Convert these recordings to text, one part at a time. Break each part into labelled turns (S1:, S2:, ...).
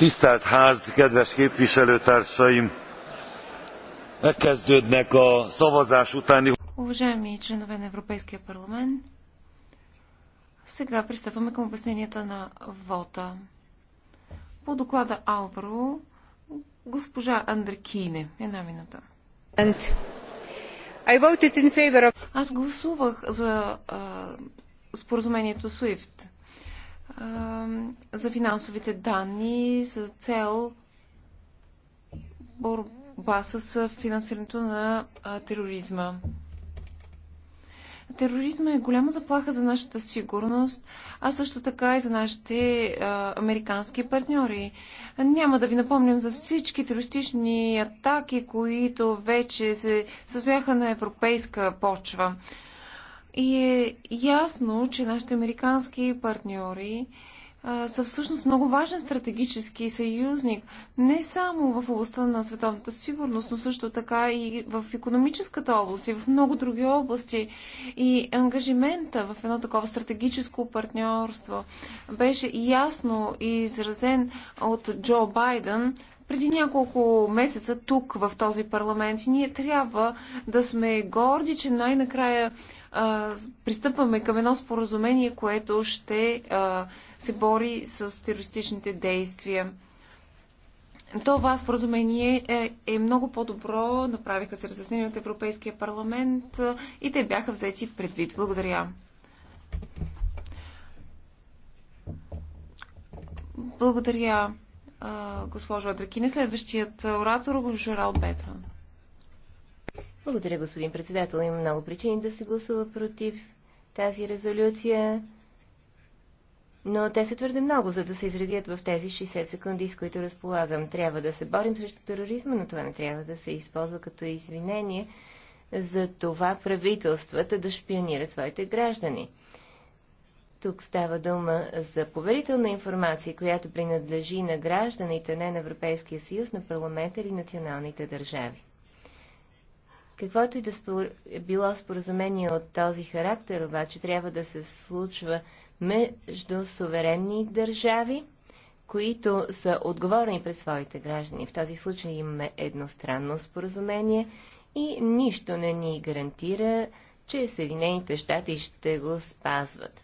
S1: Tisztelt ház, kedves képviselőtársaim! Megkezdődnek a szavazás utáni...
S2: Уважаеми членове на Европейския парламент, сега пристъпваме към обясненията на вота. По доклада Алваро, госпожа Андрекине. Една минута. Of... Аз гласувах за а, споразумението SWIFT за финансовите данни за цел борба с финансирането на тероризма. Тероризма е голяма заплаха за нашата сигурност, а също така и за нашите а, американски партньори. Няма да ви напомням за всички терористични атаки, които вече се състояха на европейска почва. И е ясно, че нашите американски партньори са всъщност много важен стратегически съюзник, не само в областта на световната сигурност, но също така и в економическата област и в много други области. И ангажимента в едно такова стратегическо партньорство беше ясно изразен от Джо Байден преди няколко месеца тук в този парламент и ние трябва да сме горди, че най-накрая пристъпваме към едно споразумение, което ще а, се бори с терористичните действия. Това споразумение е, е много по-добро. Направиха се разяснения от Европейския парламент и те бяха взети предвид. Благодаря. Благодаря, госпожо Адракине. Следващият оратор го Жерал Бетран. Благодаря, господин председател. Има много причини
S3: да се гласува против тази резолюция, но те са твърде много, за да се изредят в тези 60 секунди, с които разполагам. Трябва да се борим срещу тероризма, но това не трябва да се използва като извинение за това правителствата да шпионират своите граждани. Тук става дума за поверителна информация, която принадлежи на гражданите, не на Европейския съюз, на парламента или националните държави. Каквото и да спор... било споразумение от този характер, обаче трябва да се случва между суверенни държави, които са отговорни пред своите граждани. В този случай имаме едностранно споразумение и нищо не ни гарантира, че Съединените щати ще го спазват.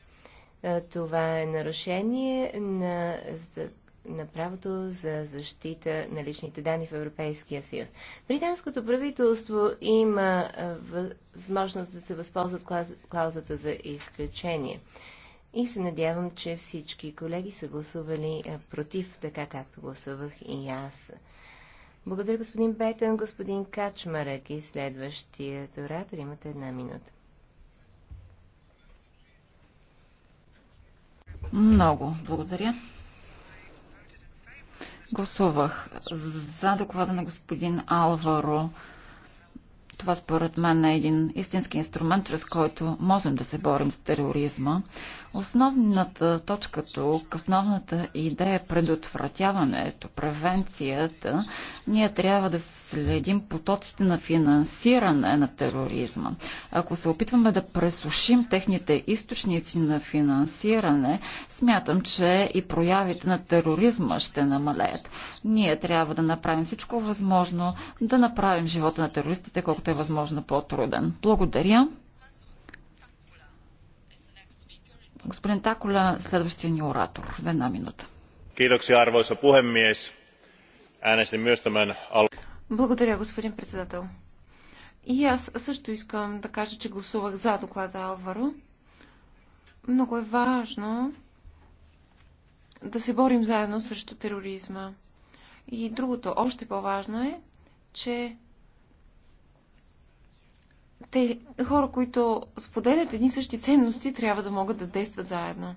S3: Е, това е нарушение на на правото за защита на личните данни в Европейския съюз. Британското правителство има възможност да се възползва клаузата за изключение. И се надявам, че всички колеги са гласували против, така както гласувах и аз. Благодаря, господин Бетън, господин Качмарък и следващият оратор. Имате една минута.
S4: Много благодаря. Гласувах за доклада на господин Алваро. Това според мен е един истински инструмент, чрез който можем да се борим с тероризма. Основната точка тук, основната идея е предотвратяването, превенцията. Ние трябва да следим потоците на финансиране на тероризма. Ако се опитваме да пресушим техните източници на финансиране, смятам, че и проявите на тероризма ще намалеят. Ние трябва да направим всичко възможно, да направим живота на терористите колкото е възможно по-труден. Благодаря. Господин Такола, следващия ни оратор в една минута.
S2: Благодаря, господин председател. И аз също искам да кажа, че гласувах за доклада Алваро. Много е важно да се борим заедно срещу тероризма. И другото, още по-важно е, че те, хора, които споделят едни същи ценности, трябва да могат да действат заедно.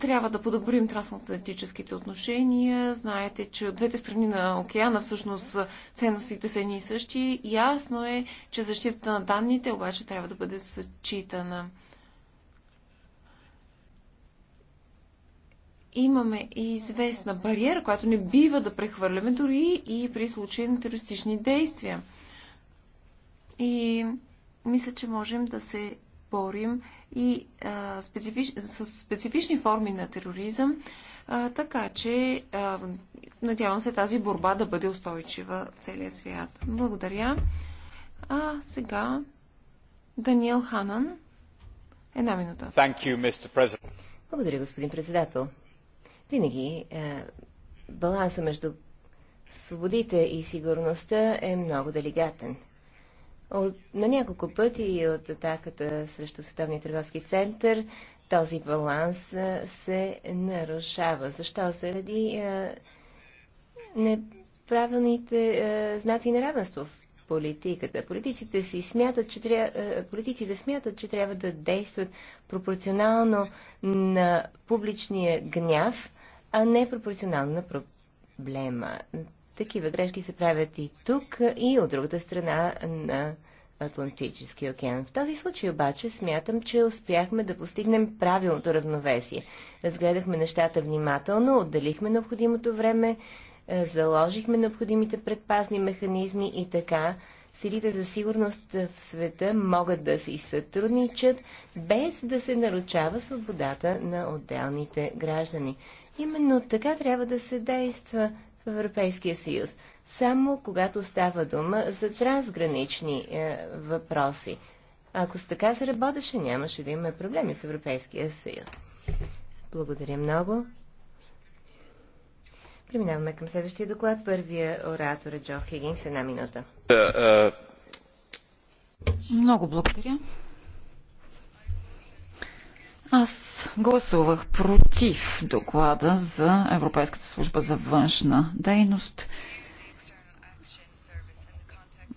S2: Трябва да подобрим трансатлантическите отношения. Знаете, че от двете страни на океана всъщност ценностите са едни и същи. Ясно е, че защитата на данните обаче трябва да бъде съчитана. Имаме и известна бариера, която не бива да прехвърляме дори и при случай на терористични действия. И мисля, че можем да се борим и а, специфич, с специфични форми на тероризъм, а, така че а, надявам се тази борба да бъде устойчива в целия свят. Благодаря. А сега Даниел Ханан. Една минута.
S4: Thank you, Mr. President.
S2: Благодаря, господин председател.
S3: Винаги е, баланса между свободите и сигурността е много делегатен. От, на няколко пъти от атаката срещу Световния търговски център този баланс а, се нарушава. Защо? Заради а, неправилните а, знаци на равенство в политиката. Политиците, си смятат, че а, Политиците смятат, че трябва да действат пропорционално на публичния гняв, а не пропорционално на проблема. Такива грешки се правят и тук, и от другата страна на Атлантическия океан. В този случай обаче смятам, че успяхме да постигнем правилното равновесие. Разгледахме нещата внимателно, отделихме необходимото време, е, заложихме необходимите предпазни механизми и така силите за сигурност в света могат да си сътрудничат, без да се нарушава свободата на отделните граждани. Именно така трябва да се действа Европейския съюз. Само когато става дума за трансгранични е, въпроси. Ако с така се работеше, нямаше да има проблеми с Европейския съюз. Благодаря много. Преминаваме към следващия доклад. Първия оратор е Джо Хигинс. Една минута.
S5: Е, е.
S4: Много благодаря. Аз гласувах против доклада за Европейската служба за външна дейност.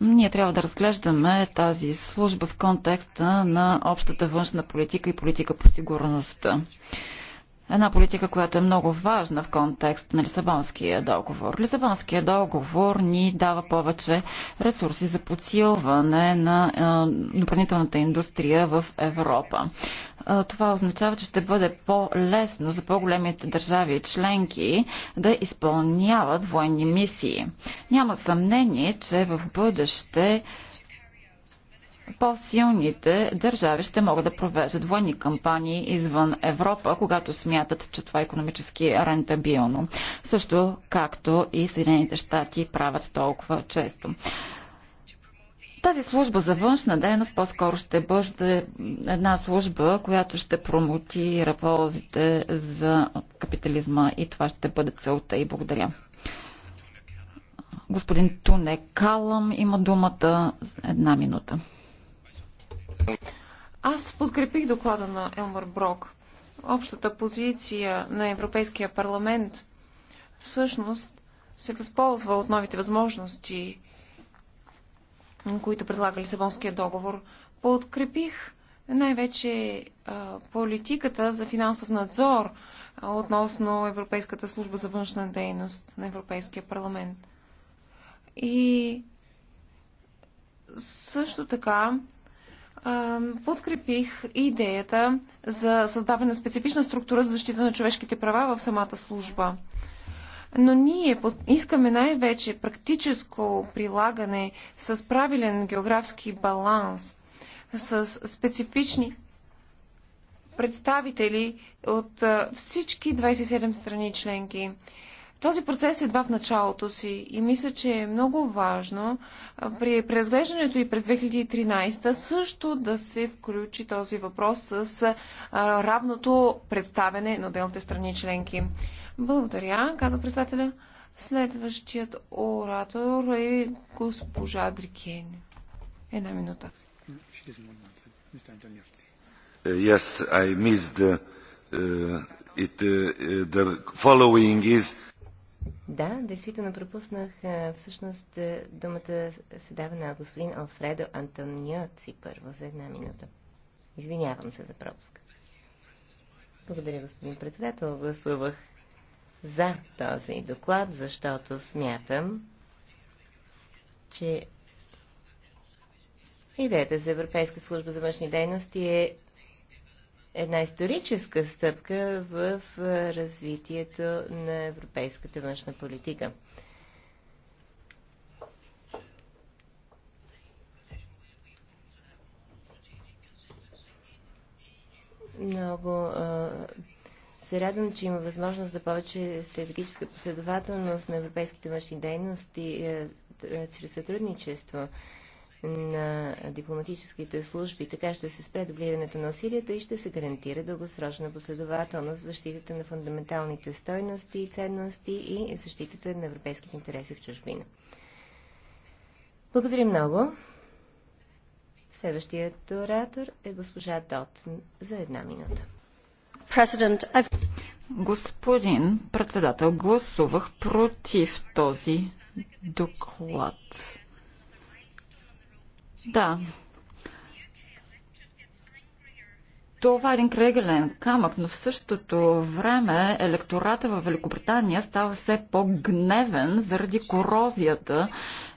S4: Ние трябва да разглеждаме тази служба в контекста на общата външна политика и политика по сигурността. Една политика, която е много важна в контекст на Лисабонския договор. Лисабонския договор ни дава повече ресурси за подсилване на допълнителната индустрия в Европа. това означава, че ще бъде по-лесно за по-големите държави и членки да изпълняват военни мисии. Няма съмнение, че в бъдеще по-силните държави ще могат да провеждат военни кампании извън Европа, когато смятат, че това е економически рентабилно. Също както и Съединените щати правят толкова често. Тази служба за външна дейност по-скоро ще бъде една служба, която ще промотира ползите за капитализма и това ще бъде целта и благодаря. Господин Туне Калам има думата една минута.
S2: Аз подкрепих доклада на Елмар Брок. Общата позиция на Европейския парламент всъщност се възползва от новите възможности, които предлага Лисабонския договор. Подкрепих най-вече политиката за финансов надзор относно Европейската служба за външна дейност на Европейския парламент. И също така подкрепих идеята за създаване на специфична структура за защита на човешките права в самата служба. Но ние искаме най-вече практическо прилагане с правилен географски баланс, с специфични представители от всички 27 страни членки. Този процес едва в началото си и мисля, че е много важно при преразглеждането и през 2013 също да се включи този въпрос с а, равното представене на отделните страни членки. Благодаря, каза председателя. Следващият оратор е госпожа Дрикен. Една минута.
S1: Yes, I missed uh, it. Uh, the following is
S3: да, действително пропуснах всъщност думата се дава на господин Алфредо Антониоци първо за една минута. Извинявам се за пропуск. Благодаря, господин председател. Гласувах за този доклад, защото смятам, че идеята за Европейска служба за външни дейности е една историческа стъпка в развитието на европейската външна политика. Много а, се радвам, че има възможност за повече стратегическа последователност на европейските външни дейности а, чрез сътрудничество на дипломатическите служби. Така ще се спре дублирането на усилията и ще се гарантира дългосрочна последователност в защитата на фундаменталните стойности и ценности и защитата на европейските интереси в чужбина. Благодаря много. Следващият оратор е госпожа Дот за една минута.
S4: Господин председател, гласувах против този доклад. Да. Това е един кръгълен камък, но в същото време електората в Великобритания става все по-гневен заради корозията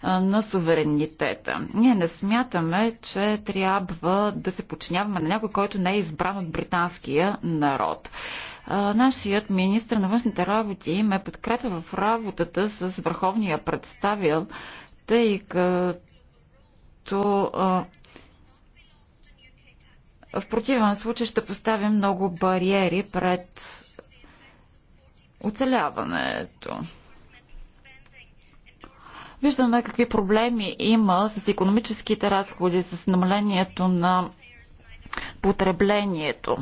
S4: на суверенитета. Ние не смятаме, че трябва да се подчиняваме на някой, който не е избран от британския народ. Нашият министр на външните работи ме подкрепя в работата с върховния представител тъй като защото в противен случай ще поставим много бариери пред оцеляването. Виждаме какви проблеми има с економическите разходи, с намалението на потреблението.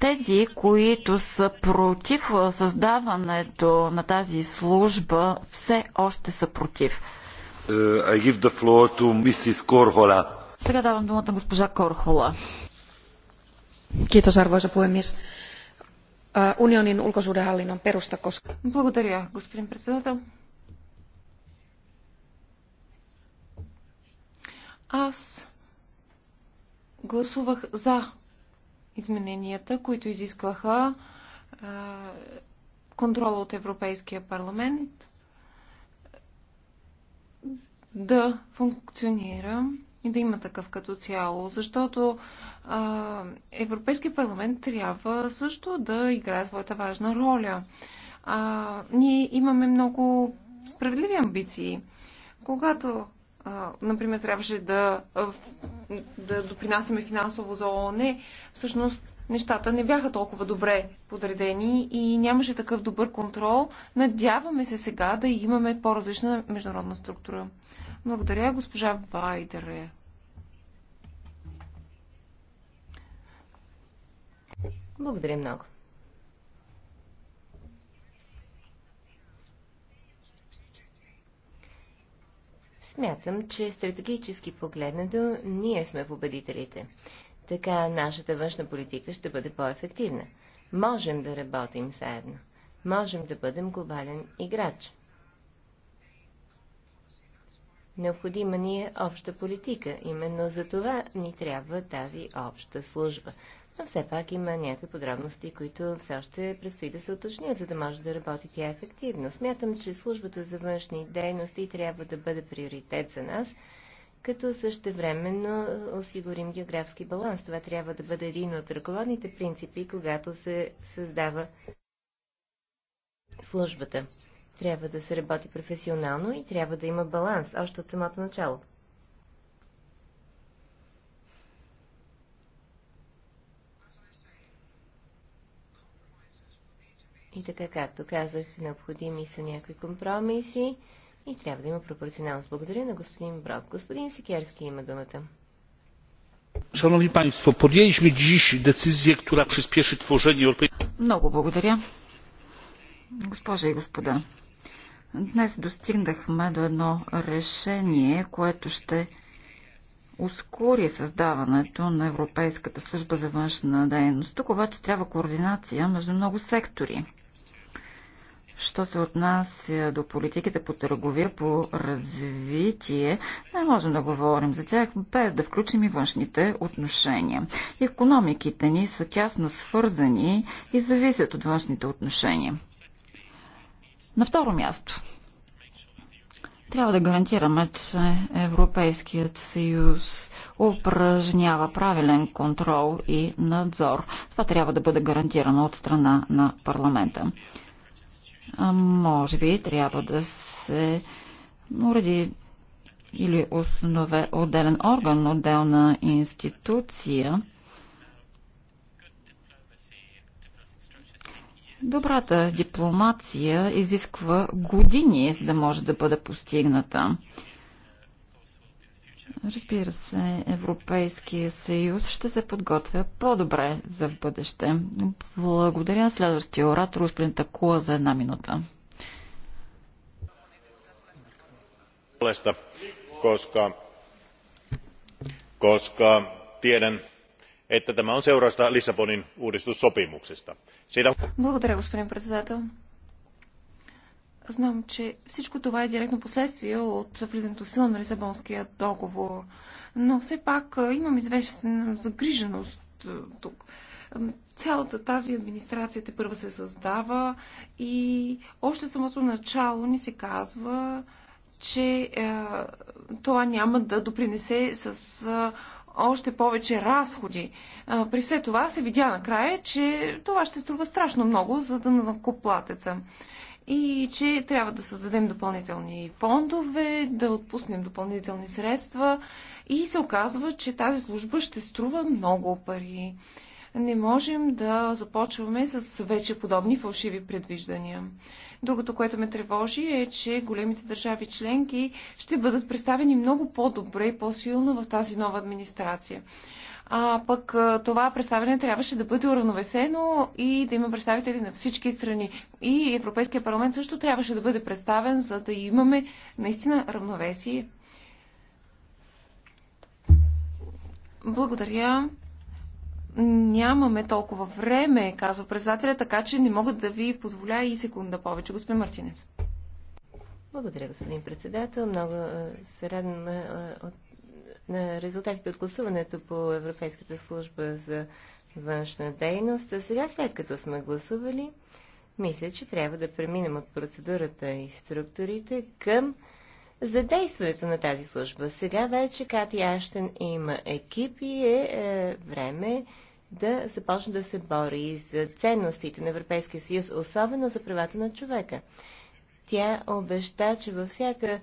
S4: Тези, които са против създаването на тази служба, все още са против.
S1: Uh,
S4: Сега давам думата госпожа Корхола.
S2: Kiitos, arvoisa puhemies. Uh, unionin ulkosuhdehallinnon perusta koska... Благодаря, господин председател. Аз гласувах за измененията, които изискваха uh, контрола от Европейския парламент да функционира и да има такъв като цяло, защото а, Европейския парламент трябва също да играе своята важна роля. А, ние имаме много справедливи амбиции. Когато например, трябваше да, да допринасяме финансово за ООН, всъщност нещата не бяха толкова добре подредени и нямаше такъв добър контрол. Надяваме се сега да имаме по-различна международна структура. Благодаря, госпожа Вайдере. Благодаря много.
S3: Смятам, че стратегически погледнато ние сме победителите. Така нашата външна политика ще бъде по-ефективна. Можем да работим заедно. Можем да бъдем глобален играч. Необходима ни е обща политика. Именно за това ни трябва тази обща служба но все пак има някои подробности, които все още предстои да се уточнят, за да може да работи тя ефективно. Смятам, че службата за външни дейности трябва да бъде приоритет за нас, като същевременно осигурим географски баланс. Това трябва да бъде един от ръководните принципи, когато се създава службата. Трябва да се работи професионално и трябва да има баланс още от самото начало. И така, както казах, необходими са някои компромиси и трябва да има пропорционалност. Благодаря на господин Брок. Господин Сикерски има думата.
S5: Шановни панство, podjęliśmy джиш децизия, która приспеши творение europejskiej.
S3: Много благодаря.
S4: Госпожи и господа, днес достигнахме до едно решение, което ще ускори създаването на Европейската служба за външна дейност. Тук обаче трябва координация между много сектори. Що се отнася до политиките по търговия, по развитие, не можем да говорим за тях без да включим и външните отношения. Економиките ни са тясно свързани и зависят от външните отношения. На второ място, трябва да гарантираме, че Европейският съюз упражнява правилен контрол и надзор. Това трябва да бъде гарантирано от страна на парламента. А, може би трябва да се уреди или основе отделен орган, отделна институция. Добрата дипломация изисква години, за да може да бъде постигната. Разбира се, Европейския съюз ще се подготвя по-добре за в бъдеще. Благодаря следващия оратор, господин Такула, за една минута.
S2: koska, koska tiedän, että tämä on seurausta Lissabonin uudistussopimuksesta. Siitä... Благодаря, господин председател. Знам, че всичко това е директно последствие от влизането в сила на Лисабонския договор, но все пак имам известна загриженост тук. Цялата тази администрация те първа се създава и още самото начало ни се казва, че е, това няма да допринесе с е, още повече разходи. Е, при все това се видя накрая, че това ще струва страшно много за да накоплатеца и че трябва да създадем допълнителни фондове, да отпуснем допълнителни средства и се оказва, че тази служба ще струва много пари. Не можем да започваме с вече подобни фалшиви предвиждания. Другото, което ме тревожи е, че големите държави членки ще бъдат представени много по-добре и по-силно в тази нова администрация. А пък това представяне трябваше да бъде уравновесено и да има представители на всички страни. И Европейския парламент също трябваше да бъде представен, за да имаме наистина равновесие. Благодаря. Нямаме толкова време, казва председателя, така че не мога да ви позволя и секунда повече, господин Мартинец.
S3: Благодаря, господин председател. Много се радвам от на резултатите от гласуването по Европейската служба за външна дейност. А сега, след като сме гласували, мисля, че трябва да преминем от процедурата и структурите към задействането на тази служба. Сега вече Кати Аштен има екип и е, е време да започне да се бори за ценностите на Европейския съюз, особено за правата на човека. Тя обеща, че във всяка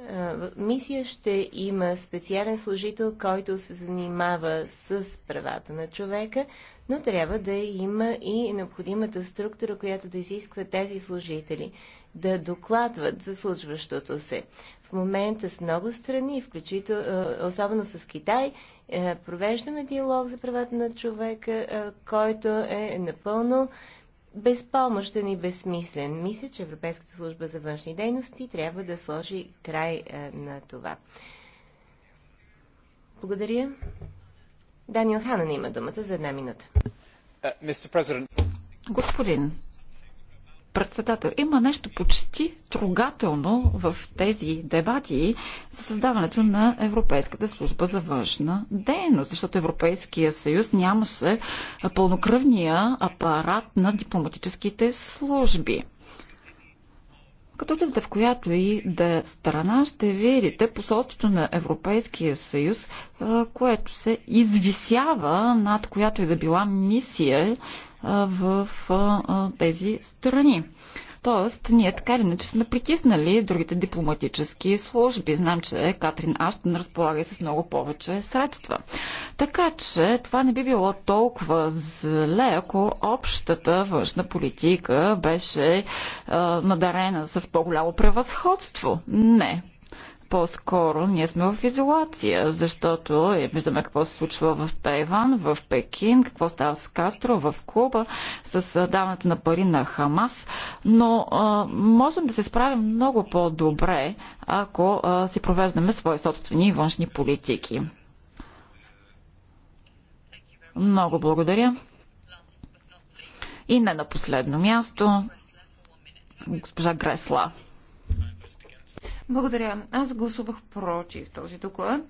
S3: е, мисия ще има специален служител, който се занимава с правата на човека, но трябва да има и необходимата структура, която да изисква тези служители да докладват за случващото се. В момента с много страни, включително, е, особено с Китай, е, провеждаме диалог за правата на човека, който е напълно безпомощен и безсмислен. Мисля, че Европейската служба за външни дейности трябва да сложи край а, е, на това. Благодаря. Даниел Ханан има думата за една минута. Е, Господин
S4: председател. Има нещо почти трогателно в тези дебати за създаването на Европейската служба за външна дейност, защото Европейския съюз нямаше пълнокръвния апарат на дипломатическите служби. Като отидете в която и да е страна, ще видите посолството на Европейския съюз, което се извисява над която и да била мисия в тези страни. Тоест, ние така или иначе сме притиснали другите дипломатически служби. Знам, че Катрин Аштън разполага и с много повече средства. Така че това не би било толкова зле, ако общата външна политика беше е, надарена с по-голямо превъзходство. Не, по-скоро ние сме в изолация, защото е, виждаме какво се случва в Тайван, в Пекин, какво става с Кастро, в Куба, с даването на пари на Хамас. Но а, можем да се справим много по-добре, ако а, си провеждаме свои собствени и външни политики. Много благодаря. И не на последно място, госпожа Гресла.
S2: Благодаря. Аз гласувах против този доклад.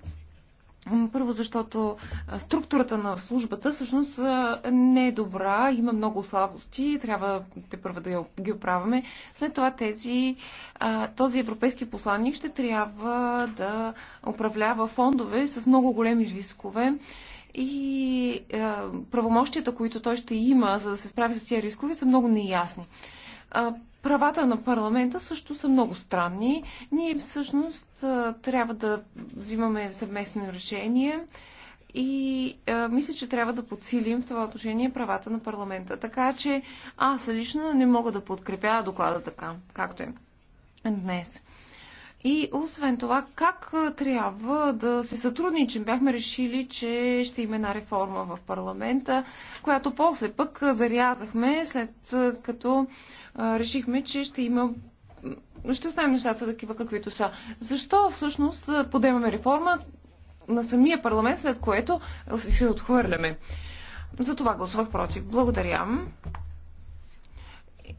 S2: Първо, защото структурата на службата всъщност не е добра, има много слабости, трябва те първа да ги оправяме. След това тези, този европейски посланник ще трябва да управлява фондове с много големи рискове и правомощията, които той ще има, за да се справи с тези рискове, са много неясни правата на парламента също са много странни. Ние всъщност трябва да взимаме съвместно решение и а, мисля, че трябва да подсилим в това отношение правата на парламента. Така че аз лично не мога да подкрепя доклада така, както е днес. И освен това, как трябва да се сътрудничим? Бяхме решили, че ще има една реформа в парламента, която после пък зарязахме, след като решихме, че ще има ще оставим нещата такива, каквито са. Защо всъщност подемаме реформа на самия парламент, след което се отхвърляме? За това гласувах против. Благодаря.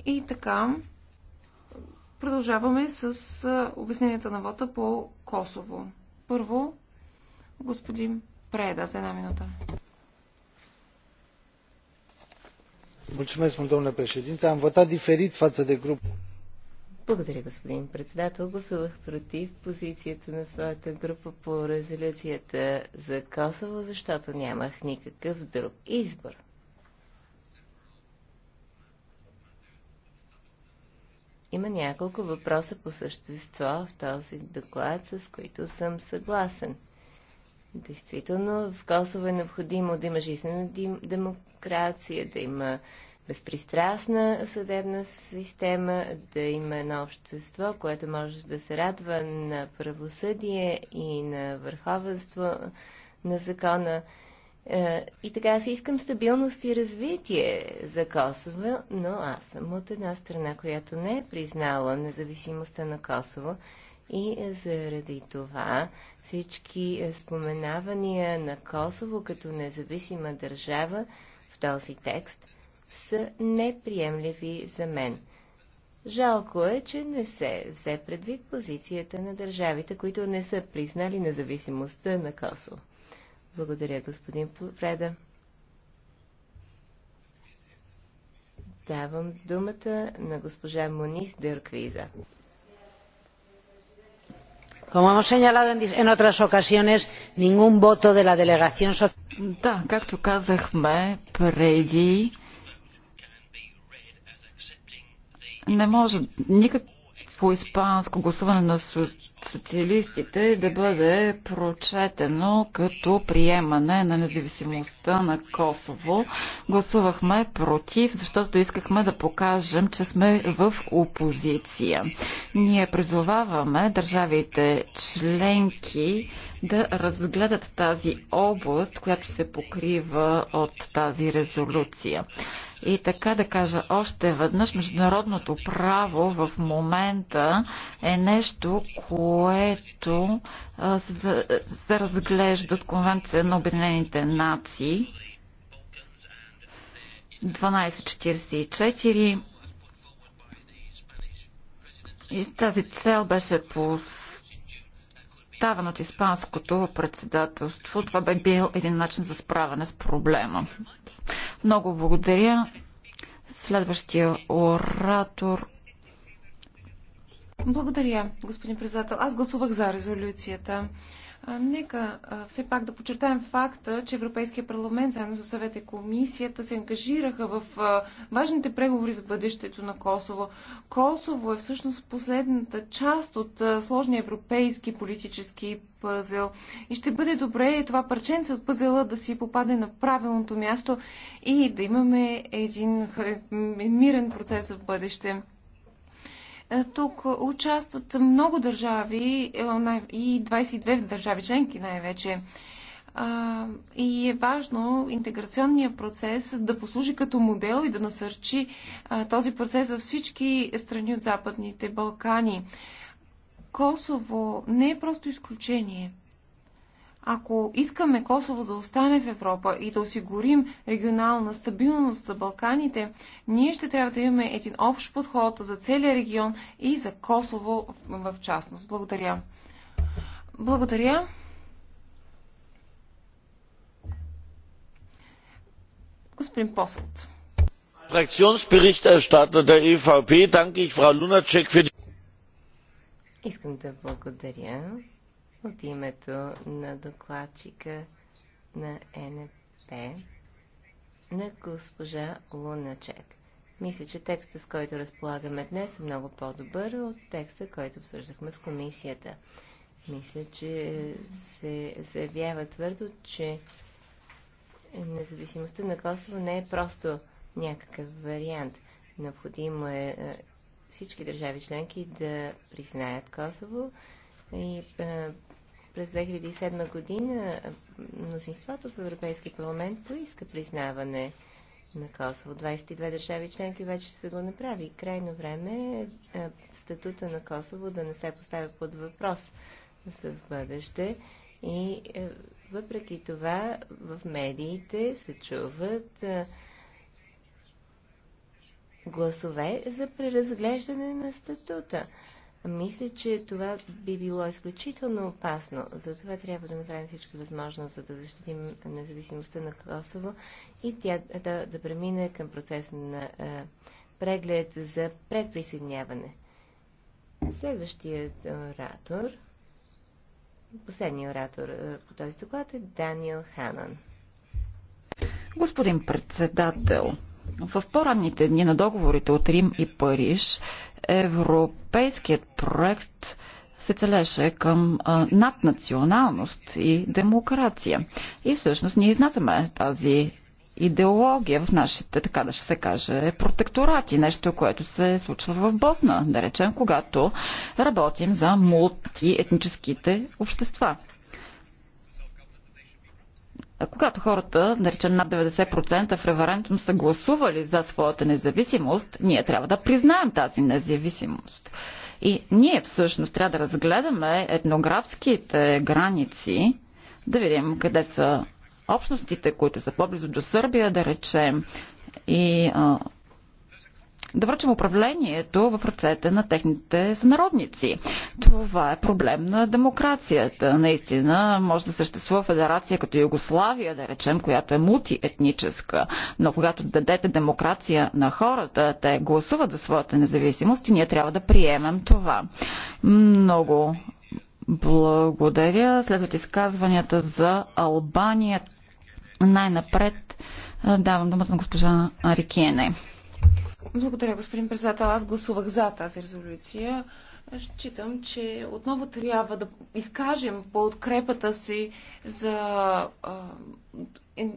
S2: И така, продължаваме с обясненията на вота по Косово. Първо, господин Преда за една минута.
S5: Am votat diferit față de grup.
S3: Благодаря, господин председател. Гласувах против позицията на своята група по резолюцията за Косово, защото нямах никакъв друг избор. Има няколко въпроса по същество в този доклад, с които съм съгласен. Действително, в Косово е необходимо да има жизнена демокрация, да има безпристрастна съдебна система, да има едно общество, което може да се радва на правосъдие и на върховенство на закона. Е, и така аз искам стабилност и развитие за Косово, но аз съм от една страна, която не е признала независимостта на Косово и заради това всички е, споменавания на Косово като независима държава в този текст са неприемливи за мен. Жалко е, че не се взе предвид позицията на държавите, които не са признали независимостта на Косово. Благодаря, господин Преда. Давам думата на госпожа Монис Дърквиза.
S5: Como hemos señalado en otras ocasiones, ningún voto de la delegación Да,
S4: както казахме преди, не може, никак, по испанско гласуване на социалистите да бъде прочетено като приемане на независимостта на Косово. Гласувахме против, защото искахме да покажем, че сме в опозиция. Ние призоваваме държавите членки да разгледат тази област, която се покрива от тази резолюция. И така да кажа още веднъж, международното право в момента е нещо, което се разглежда от Конвенция на Обединените нации 1244 и тази цел беше поставена от Испанското председателство. Това бе бил един начин за справяне с проблема. Много благодаря. Следващия оратор.
S2: Благодаря, господин председател. Аз гласувах за резолюцията. Нека все пак да подчертаем факта, че Европейския парламент заедно с съвета и комисията се ангажираха в важните преговори за бъдещето на Косово. Косово е всъщност последната част от сложния европейски политически пъзел и ще бъде добре това парченце от пъзела да си попадне на правилното място и да имаме един мирен процес в бъдеще. Е, тук участват много държави е, и 22 държави членки най-вече. И е важно интеграционния процес да послужи като модел и да насърчи този процес за всички страни от Западните Балкани. Косово не е просто изключение – ако искаме Косово да остане в Европа и да осигурим регионална стабилност за Балканите, ние ще трябва да имаме един общ подход за целия регион и за Косово в частност. Благодаря. Благодаря. Господин Посълт.
S5: E
S3: Искам да благодаря от името на докладчика на НП на госпожа Луначек. Мисля, че текста, с който разполагаме днес, е много по-добър от текста, който обсъждахме в комисията. Мисля, че се заявява твърдо, че независимостта на Косово не е просто някакъв вариант. Необходимо е, е всички държави членки да признаят Косово, и е, през 2007 година е, мнозинството в Европейски парламент поиска признаване на Косово. 22 държави членки вече са го направи. Крайно време е, е статута на Косово да не се поставя под въпрос за в бъдеще. И въпреки това в медиите се чуват гласове за преразглеждане на статута. Мисля, че това би било изключително опасно. Затова трябва да направим всичко възможно, за да защитим независимостта на Косово и тя да, да премине към процеса на а, е, преглед за предприсъединяване. Следващият оратор, последният оратор е, по този доклад е Даниел Ханан.
S4: Господин председател, в по-ранните дни на договорите от Рим и Париж Европейският проект се целеше към а, наднационалност и демокрация. И всъщност ние изнасяме тази идеология в нашите, така да ще се каже, протекторати. Нещо, което се случва в Босна, да речем, когато работим за мултиетническите общества. А когато хората, наречен над 90% в референдум, са гласували за своята независимост, ние трябва да признаем тази независимост. И ние всъщност трябва да разгледаме етнографските граници, да видим къде са общностите, които са по-близо до Сърбия, да речем, и а, да връчим управлението в ръцете на техните сънародници. Това е проблем на демокрацията. Наистина може да съществува федерация като Югославия, да речем, която е мултиетническа, но когато дадете демокрация на хората, те гласуват за своята независимост и ние трябва да приемем това. Много благодаря. Следват изказванията за Албания. Най-напред давам думата на госпожа Арикиене.
S2: Благодаря, господин председател. Аз гласувах за тази резолюция. Считам, че отново трябва да изкажем подкрепата си за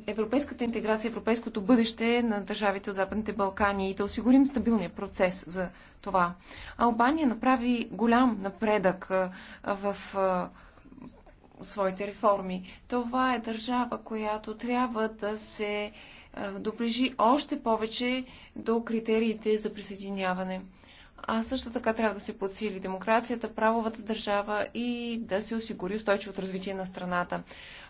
S2: европейската интеграция, европейското бъдеще на държавите от Западните Балкани и да осигурим стабилния процес за това. Албания направи голям напредък в своите реформи. Това е държава, която трябва да се доближи още повече до критериите за присъединяване. А също така трябва да се подсили демокрацията, правовата държава и да се осигури устойчивото развитие на страната.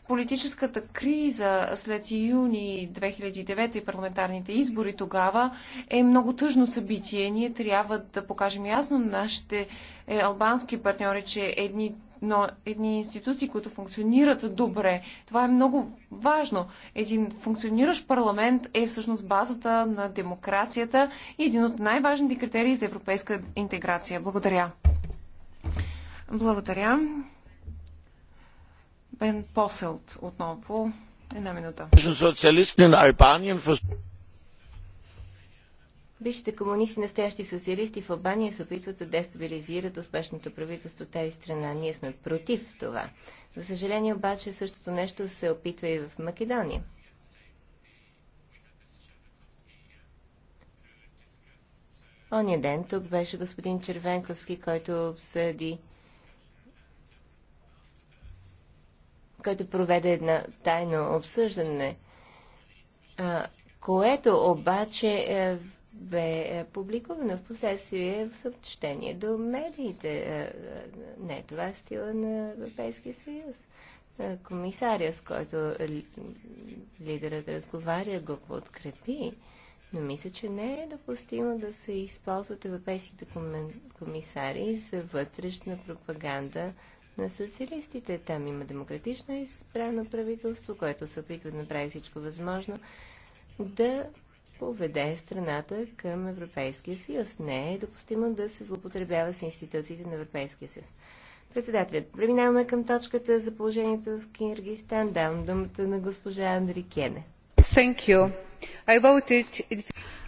S2: Политическата криза след юни 2009 и парламентарните избори тогава е много тъжно събитие. Ние трябва да покажем ясно на нашите е, албански партньори, че едни но едни институции, които функционират добре. Това е много важно. Един функциониращ парламент е всъщност базата на демокрацията и един от най-важните критерии за европейска интеграция. Благодаря. Благодаря. Бен Поселт отново. Една минута. Бившите комунисти, настоящи
S3: социалисти в Албания се опитват да дестабилизират успешното правителство тази страна. Ние сме против това. За съжаление обаче същото нещо се опитва и в Македония. Оня ден тук беше господин Червенковски, който обсъди който проведе една тайно обсъждане, което обаче е, бе е, публикувана в последствие е в съобщение до медиите. Е, не, това е стила на Европейския съюз. Комисария, с който лидерът разговаря, го подкрепи, но мисля, че не е допустимо да се използват европейските комисари за вътрешна пропаганда на социалистите. Там има демократично избрано правителство, което се опитва да направи всичко възможно да поведе страната към Европейския съюз. Не е допустимо да се злоупотребява с институциите на Европейския съюз. Председателят, преминаваме към точката за положението в Киргизстан. Давам думата на госпожа Андрикене.
S4: It...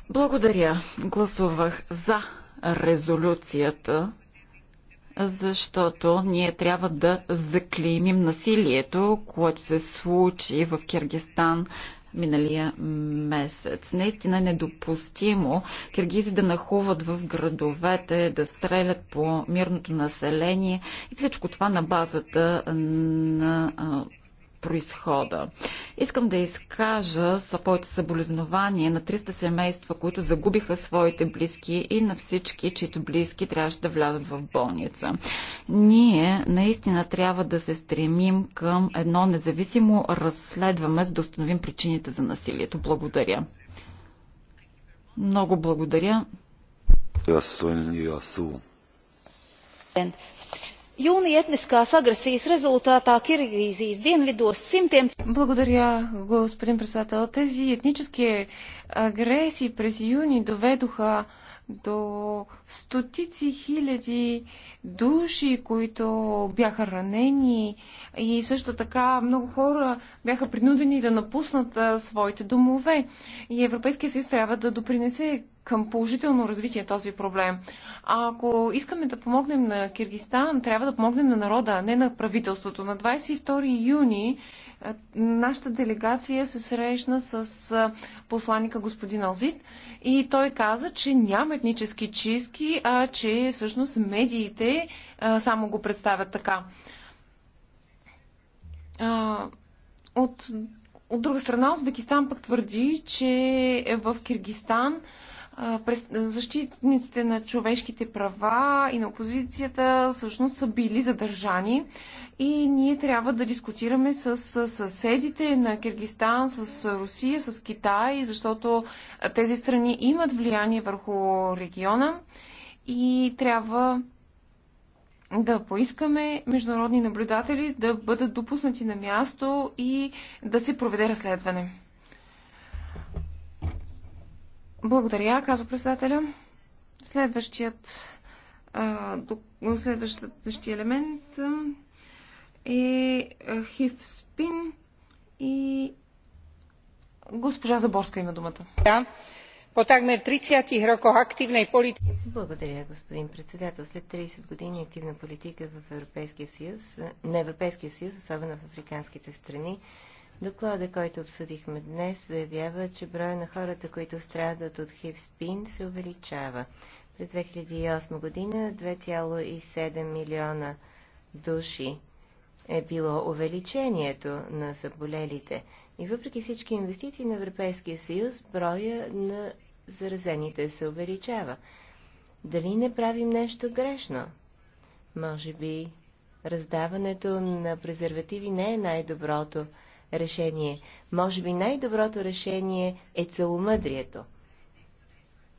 S4: Благодаря. Гласувах за резолюцията, защото ние трябва да заклеймим насилието, което се случи в Киргизстан миналия месец. Наистина е недопустимо киргизи да нахуват в градовете, да стрелят по мирното население и всичко това на базата на происхода. Искам да изкажа своите съболезнования на 300 семейства, които загубиха своите близки и на всички, чието близки трябваше да влязат в болница. Ние наистина трябва да се стремим към едно независимо разследване, за да установим причините за насилието. Благодаря. Много благодаря.
S1: Ясен,
S2: Юни етническас агресijas резултата Киргизии динвидос симтем... Благодаря, господин председател. Тези етнически агресии през юни доведоха до стотици хиляди души, които бяха ранени и също така много хора бяха принудени да напуснат своите домове. И Европейския съюз трябва да допринесе към положително развитие този проблем. А ако искаме да помогнем на Киргистан, трябва да помогнем на народа, а не на правителството. На 22 юни е, нашата делегация се срещна с е, посланника господин Алзит и той каза, че няма етнически чистки, а че всъщност медиите е, само го представят така. От, от друга страна, Узбекистан пък твърди, че в Киргистан защитниците на човешките права и на опозицията всъщност са били задържани и ние трябва да дискутираме с съседите на Киргистан, с Русия, с Китай, защото тези страни имат влияние върху региона и трябва да поискаме международни наблюдатели да бъдат допуснати на място и да се проведе разследване. Благодаря, каза председателя. Следващият, а, елемент е хив спин и госпожа Заборска има думата. Да. По такмер 30 рокох активна политика.
S3: Благодаря, господин председател. След 30 години активна политика в Европейския съюз, на Европейския съюз, особено в африканските страни, Доклада, който обсъдихме днес, заявява, че броя на хората, които страдат от хив спин, се увеличава. През 2008 година 2,7 милиона души е било увеличението на заболелите. И въпреки всички инвестиции на Европейския съюз, броя на заразените се увеличава. Дали не правим нещо грешно? Може би раздаването на презервативи не е най-доброто решение. Може би най-доброто решение е целомъдрието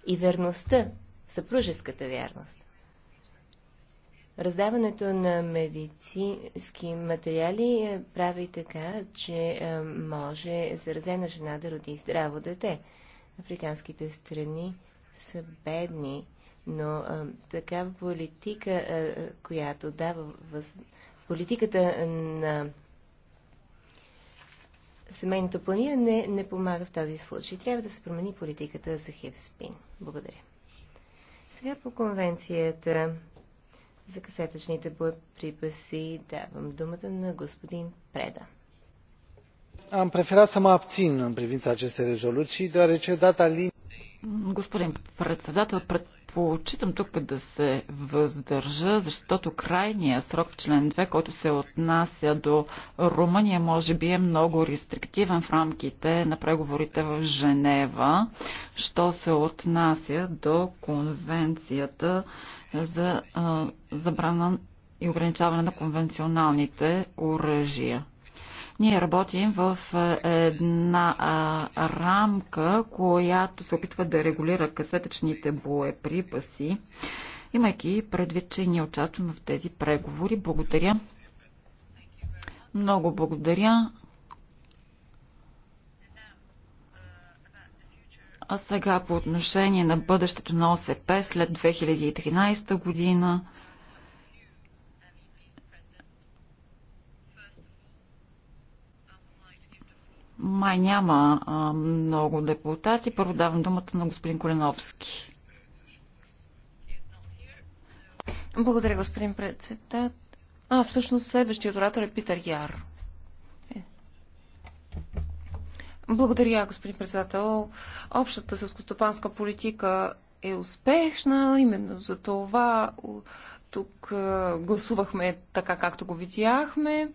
S3: и верността, съпружеската вярност. Раздаването на медицински материали е, прави така, че е, може заразена жена да роди здраво дете. Африканските страни са бедни, но а, е, такава политика, а, която дава въз... политиката на семейното планиране не помага в този случай. Трябва да се промени политиката за хивспин. Благодаря. Сега по конвенцията за касетъчните боеприпаси давам думата на господин Преда.
S5: Am preferat să mă abțin în privința acestei rezoluții, deoarece data
S3: Господин
S5: председател, предпочитам
S4: тук да се въздържа, защото крайния срок в член 2, който се отнася до Румъния, може би е много рестриктивен в рамките на преговорите в Женева, що се отнася до конвенцията за забрана и ограничаване на конвенционалните оръжия. Ние работим в е, една рамка, която се опитва да регулира касетъчните боеприпаси, имайки предвид, че ние участваме в тези преговори. Благодаря. Много благодаря. А сега по отношение на бъдещето на ОСП след 2013 година. Май няма а, много депутати. Първо давам думата на господин Колиновски.
S2: Благодаря, господин председател. А, всъщност следващият оратор е Питър Яр. Е. Благодаря, господин председател. Общата селскостопанска политика е успешна. Именно за това тук гласувахме така, както го видяхме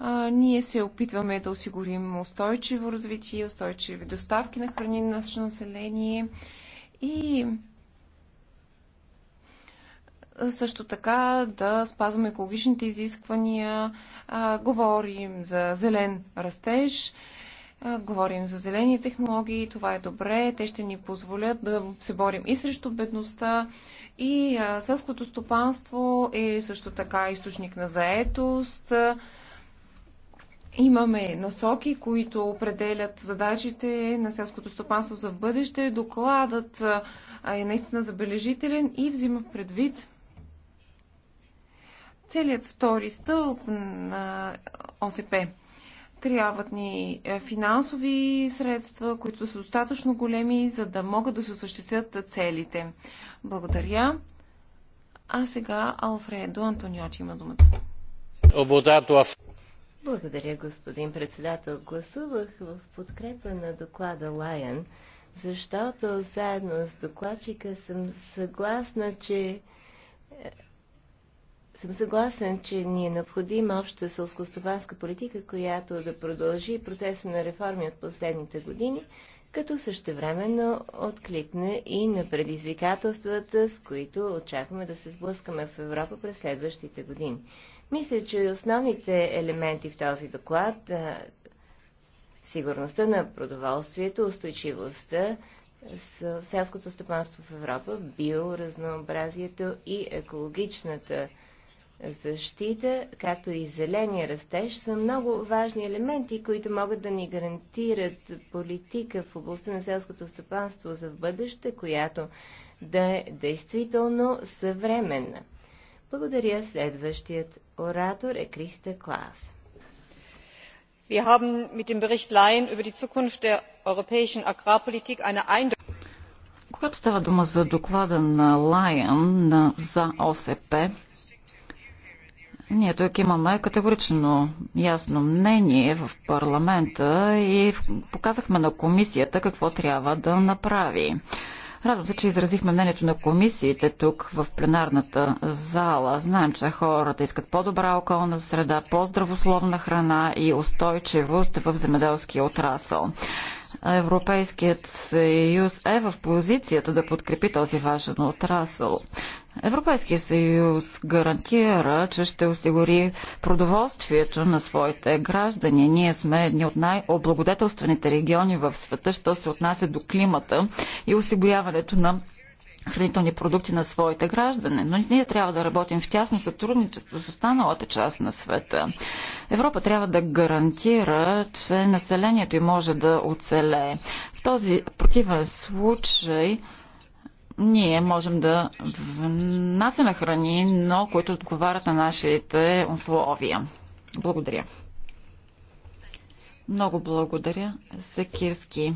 S2: а, ние се опитваме да осигурим устойчиво развитие, устойчиви доставки на храни на нашето население и също така да спазваме екологичните изисквания. А, говорим за зелен растеж, а, говорим за зелени технологии. Това е добре. Те ще ни позволят да се борим и срещу бедността. И а, селското стопанство е също така източник на заетост. Имаме насоки, които определят задачите на селското стопанство за в бъдеще. Докладът е наистина забележителен и взима предвид целият втори стълб на ОСП. Трябват ни е, финансови средства, които са достатъчно големи, за да могат да се осъществят целите. Благодаря. А сега Алфредо Антониоти има думата.
S3: Благодаря, господин председател. Гласувах в подкрепа на доклада Лайън, защото заедно с докладчика съм съгласна, че е, съм съгласен, че ни е необходима обща сълскостопанска политика, която да продължи процеса на реформи от последните години, като същевременно откликне и на предизвикателствата, с които очакваме да се сблъскаме в Европа през следващите години. Мисля, че основните елементи в този доклад сигурността на продоволствието, устойчивостта, с селското стопанство в Европа, биоразнообразието и екологичната защита, както и зеления растеж, са много важни елементи, които могат да ни гарантират политика в областта на селското стопанство за в бъдеще, която да е действително съвременна. Благодаря следващият orator е christe
S5: klaas. Wir haben mit dem Bericht Leyen über die Zukunft der europäischen Agrarpolitik eine eindeutige
S4: когато става дума за доклада на Лайън за ОСП, ние тук имаме категорично ясно мнение в парламента и показахме на комисията какво трябва да направи. Радвам се, че изразихме мнението на комисиите тук в пленарната зала. Знаем, че хората искат по-добра околна среда, по-здравословна храна и устойчивост в земеделския отрасъл. Европейският съюз е в позицията да подкрепи този важен отрасъл. Европейският съюз гарантира, че ще осигури продоволствието на своите граждани. Ние сме едни от най-облагодетелстваните региони в света, що се отнася до климата и осигуряването на хранителни продукти на своите граждани, но ние трябва да работим в тясно сътрудничество с останалата част на света. Европа трябва да гарантира, че населението й може да оцелее. В този противен случай ние можем да внасяме храни, но които отговарят на нашите условия. Благодаря. Много благодаря. Секирски.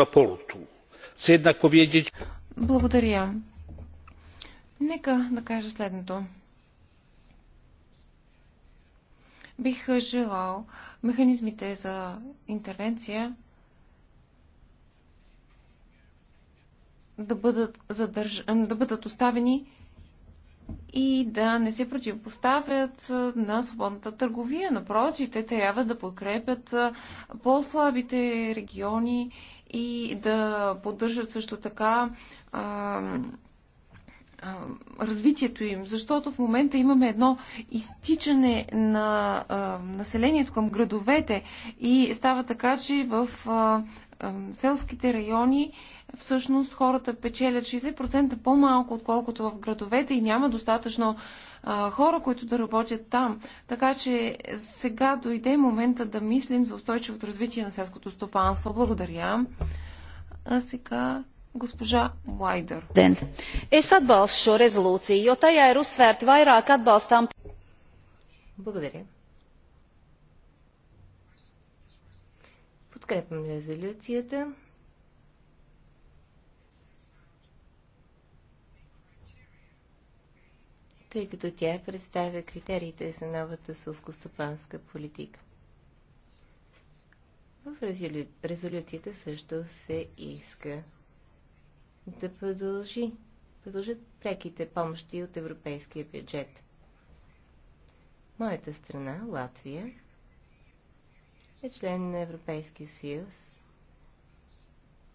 S5: Рапорту chcę jednak powiedzieć...
S2: Благодаря. Нека да кажа следното. Бих желал механизмите за интервенция да бъдат, задърж... да бъдат оставени и да не се противопоставят на свободната търговия. Напротив, те трябва да подкрепят по-слабите региони и да поддържат също така а, а, развитието им, защото в момента имаме едно изтичане на а, населението към градовете и става така, че в селските райони всъщност хората печелят 60% по-малко, отколкото в градовете и няма достатъчно а, хора, които да работят там. Така че сега дойде момента да мислим за устойчивото развитие на селското стопанство. Благодаря. А сега госпожа Лайдер. Ден. Es atbalstu šo rezolūciju, jo tajā ir uzsvērti vairāk atbalstām.
S3: Благодаря. Подкрепям резолюцията. тъй като тя представя критериите за новата сълскостопанска политика. В резолю... резолюцията също се иска да продължи, продължат преките помощи от европейския бюджет. Моята страна, Латвия, е член на Европейския съюз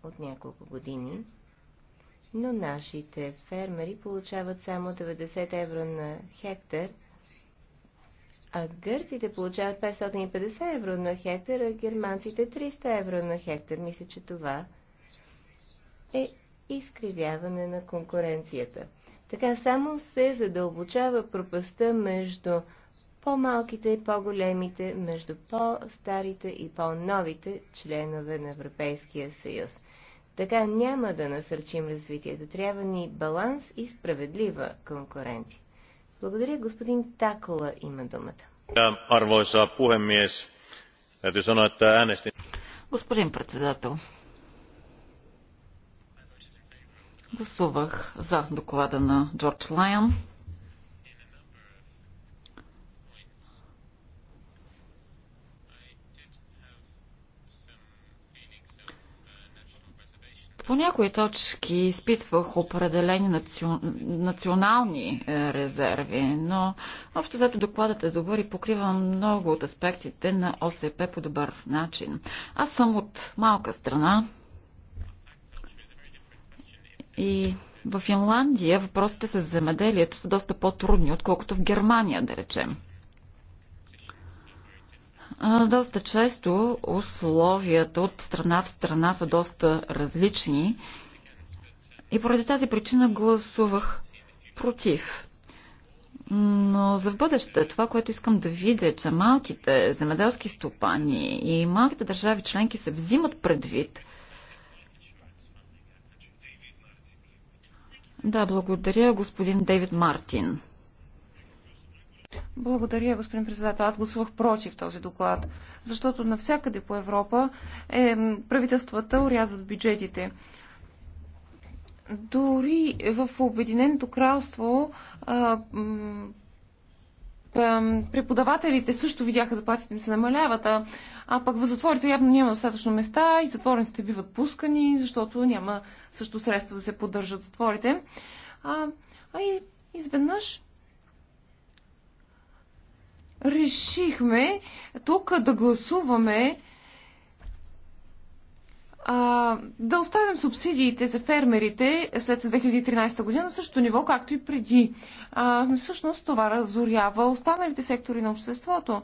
S3: от няколко години но нашите фермери получават само 90 евро на хектар, а гърците получават 550 евро на хектар, а германците 300 евро на хектар. Мисля, че това е изкривяване на конкуренцията. Така само се задълбочава пропаста между по-малките и по-големите, между по-старите и по-новите членове на Европейския съюз. Така няма да насърчим развитието. Трябва ни баланс и справедлива конкуренция. Благодаря, господин Такола има думата.
S2: täytyy sanoa, että äänestin...
S3: Господин
S4: председател, гласувах за доклада на Джордж Лайон. По някои точки изпитвах определени наци... национални е, резерви, но общо взето докладът е добър и покрива много от аспектите на ОСП по добър начин. Аз съм от малка страна и в Финландия въпросите с земеделието са доста по-трудни, отколкото в Германия, да речем. Доста често условията от страна в страна са доста различни и поради тази причина гласувах против. Но за в бъдеще това, което искам да видя е, че малките земеделски стопани и малките държави членки се взимат предвид. Да, благодаря господин Дейвид Мартин.
S2: Благодаря, господин председател. Аз гласувах против този доклад, защото навсякъде по Европа е, правителствата урязват бюджетите. Дори в Обединеното кралство а, преподавателите също видяха заплатите им се намаляват, а, а пък в затворите явно няма достатъчно места и затворниците биват пускани, защото няма също средства да се поддържат затворите. А, а и изведнъж решихме тук да гласуваме а, да оставим субсидиите за фермерите след 2013 година на същото ниво, както и преди. А, всъщност това разорява останалите сектори на обществото.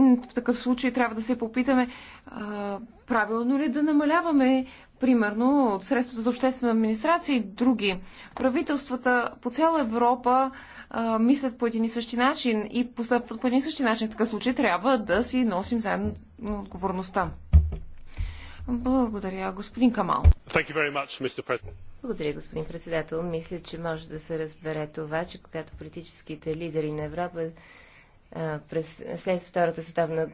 S2: В такъв случай трябва да се попитаме а, правилно ли е да намаляваме примерно от средствата за обществена администрация и други. Правителствата по цяла Европа а, мислят по един и същи начин и по един и същи начин. В такъв случай трябва да си носим заедно отговорността. Благодаря, господин Камал. Much,
S3: Благодаря, господин председател. Мисля, че може да се разбере това, че когато политическите лидери на Европа през, след Втората световна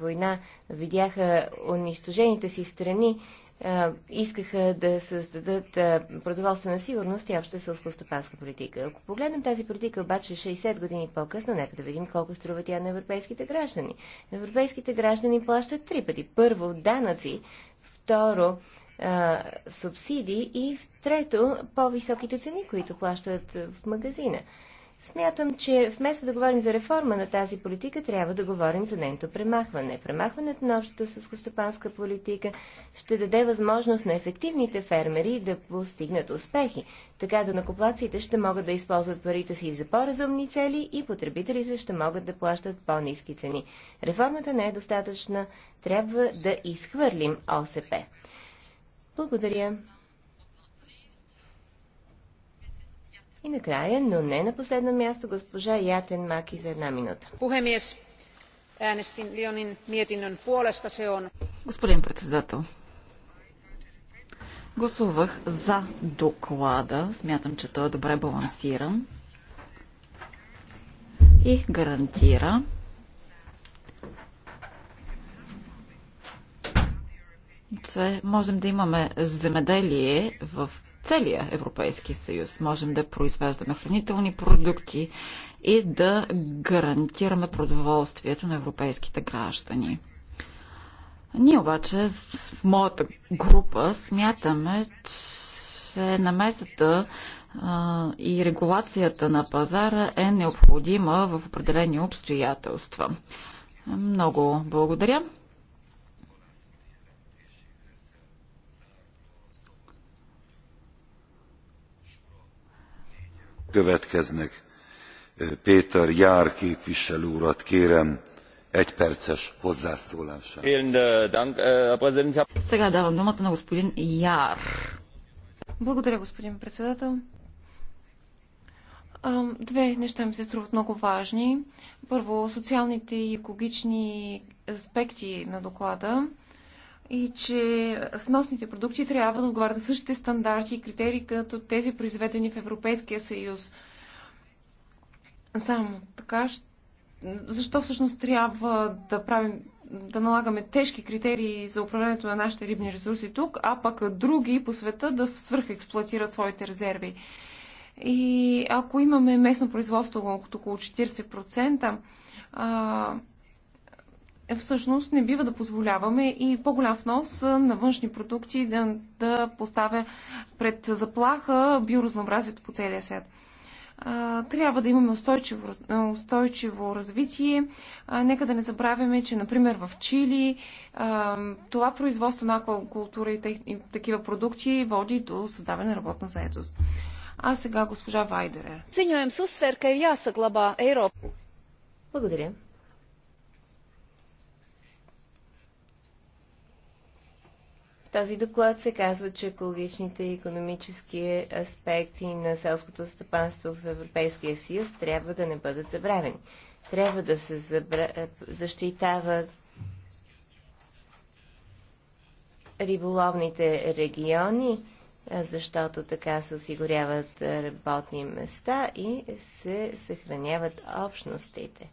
S3: война видяха унищожените си страни е, искаха да създадат е, продоволствена сигурност и обща сълскостопанска политика. Ако погледнем тази политика обаче 60 години по-късно, нека да видим колко струва тя на европейските граждани. Европейските граждани плащат три пъти. Първо данъци, второ е, субсидии и трето по-високите цени, които плащат в магазина. Смятам, че вместо да говорим за реформа на тази политика, трябва да говорим за нейното премахване. Премахването на общата съскостопанска политика ще даде възможност на ефективните фермери да постигнат успехи. Така донакоплаците ще могат да използват парите си за по-разумни цели и потребителите ще могат да плащат по-низки цени. Реформата не е достатъчна. Трябва да изхвърлим ОСП. Благодаря. И накрая, но не на последно място, госпожа Ятен Маки за една минута. Господин председател, гласувах за
S4: доклада. Смятам, че той е добре балансиран и гарантира че можем да имаме земеделие в целия Европейски съюз. Можем да произвеждаме хранителни продукти и да гарантираме продоволствието на европейските граждани. Ние обаче в моята група смятаме, че намесата и регулацията на пазара е необходима в определени обстоятелства. Много благодаря.
S1: következnek. Péter Jár képviselő urat kérem egy perces hozzászólására.
S5: Äh, äh,
S4: Сега давам думата на господин Яр.
S2: Благодаря, господин председател. Две неща ми се струват много важни. Първо, социалните и екологични аспекти на доклада и че вносните продукти трябва да отговарят на същите стандарти и критерии, като тези произведени в Европейския съюз. Само така, защо всъщност трябва да правим да налагаме тежки критерии за управлението на нашите рибни ресурси тук, а пък други по света да свърхексплуатират своите резерви. И ако имаме местно производство от около 40%, а, е, всъщност не бива да позволяваме и по-голям внос на външни продукти да, да поставя пред заплаха биоразнообразието по целия свят. Трябва да имаме устойчиво, устойчиво развитие. Нека да не забравяме, че, например, в Чили това производство на аквакултура и такива продукти води до създаване на работна заедост. А сега госпожа Вайдере.
S3: Благодаря. този доклад се казва, че екологичните и економически аспекти на селското стопанство в Европейския съюз трябва да не бъдат забравени. Трябва да се забра... Е, защитават риболовните региони, е, защото така се осигуряват е, работни места и се съхраняват общностите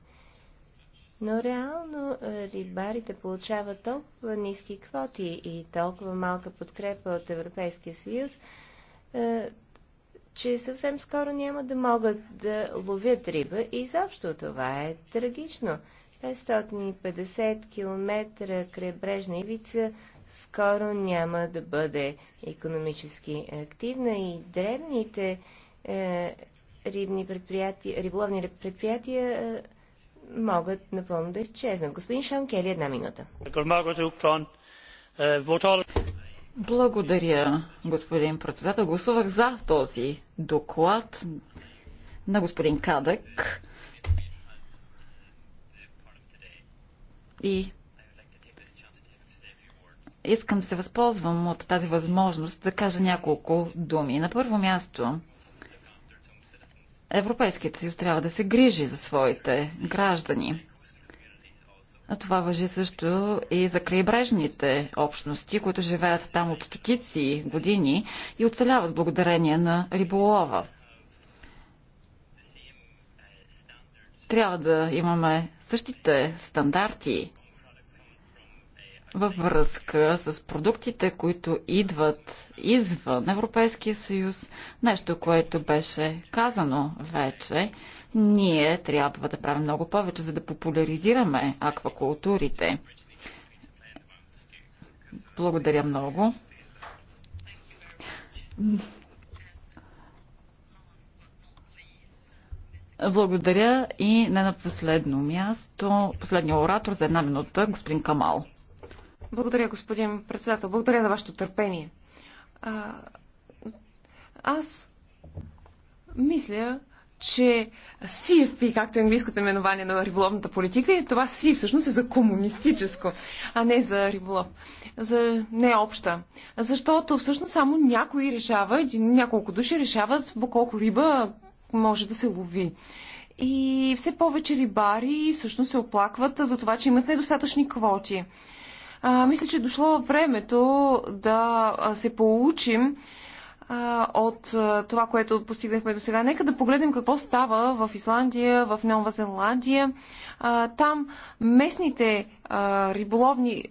S3: но реално е, рибарите получават толкова ниски квоти и толкова малка подкрепа от Европейския съюз, е, че съвсем скоро няма да могат да ловят риба и изобщо това е трагично. 550 км крайбрежна ивица скоро няма да бъде економически активна и древните е, рибни предприятия, риболовни предприятия е, могат напълно да изчезнат. Господин Шон Кели, една минута. Благодаря, господин председател. Гласувах
S4: за този доклад на господин Кадък. И искам да се възползвам от тази възможност да кажа няколко думи. На първо място, Европейският съюз трябва да се грижи за своите граждани. А това въжи също и за крайбрежните общности, които живеят там от стотици години и оцеляват благодарение на риболова. Трябва да имаме същите стандарти във връзка с продуктите, които идват извън Европейския съюз, нещо, което беше казано вече, ние трябва да правим много повече, за да популяризираме аквакултурите. Благодаря много. Благодаря и не на последно място, последния оратор за една минута, господин Камал.
S2: Благодаря, господин председател. Благодаря за вашето търпение. А, аз мисля, че CFP, както е английското именование на риболовната политика, и е това си всъщност е за комунистическо, а не за риболов. За не е обща. Защото всъщност само някой решава, един, няколко души решават по колко риба може да се лови. И все повече рибари всъщност се оплакват за това, че имат недостатъчни квоти. А, мисля, че е дошло времето да се получим от това, което постигнахме до сега. Нека да погледнем какво става в Исландия, в Нова Зеландия. Там местните риболовни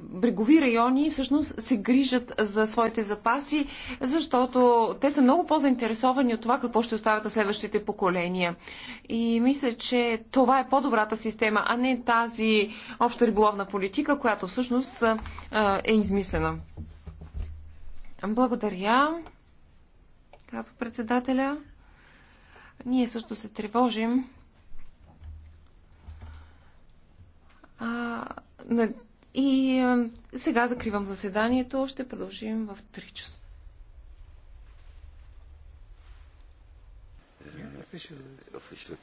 S2: брегови райони всъщност се грижат за своите запаси, защото те са много по-заинтересовани от това какво ще оставят на следващите поколения. И мисля, че това е по-добрата система, а не тази обща риболовна политика, която всъщност е измислена. Благодаря, казва председателя. Ние също се тревожим. А, и сега закривам заседанието. Ще продължим в 3 часа.
S1: official.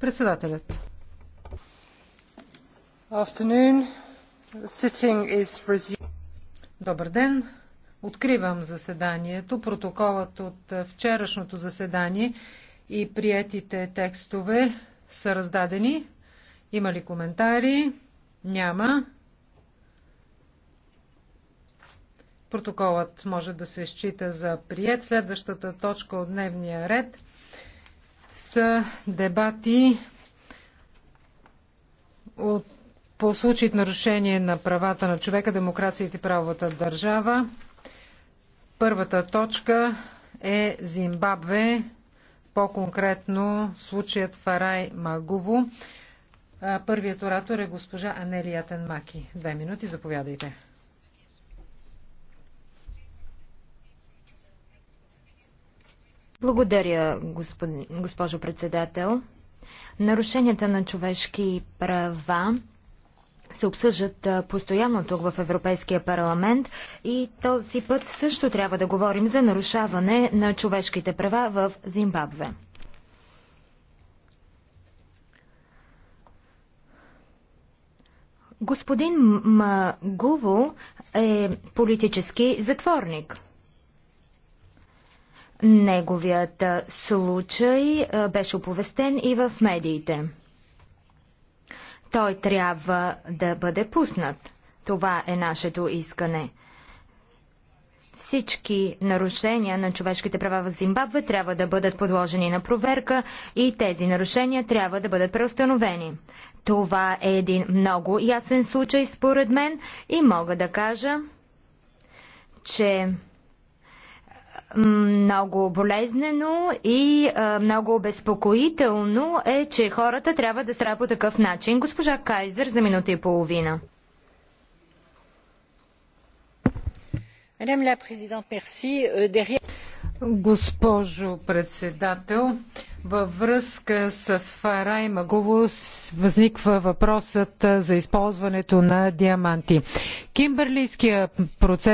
S5: Председателят. Добър ден! Откривам заседанието. Протоколът от вчерашното заседание и приетите текстове са раздадени. Има ли коментари? Няма. Протоколът може да се счита за прият. Следващата точка от дневния ред са дебати от, по случай нарушение на правата на човека, демокрацията и правовата държава. Първата точка е Зимбабве, по-конкретно случаят Фарай Магово. Първият оратор е госпожа Анелия Тенмаки. Две минути, заповядайте.
S6: Благодаря, госпожо председател. Нарушенията на човешки права се обсъждат постоянно тук в Европейския парламент и този път също трябва да говорим за нарушаване на човешките права в Зимбабве. Господин Магуво е политически затворник – Неговият случай беше оповестен и в медиите. Той трябва да бъде пуснат. Това е нашето искане. Всички нарушения на човешките права в Зимбабве трябва да бъдат подложени на проверка и тези нарушения трябва да бъдат преустановени. Това е един много ясен случай според мен и мога да кажа, че много болезнено и много обезпокоително е, че хората трябва да страдат по такъв начин. Госпожа Кайзер за минута и половина.
S5: Euh, Госпожо председател, във връзка с Фарай Магово възниква въпросът за използването на диаманти. Кимберлийския процес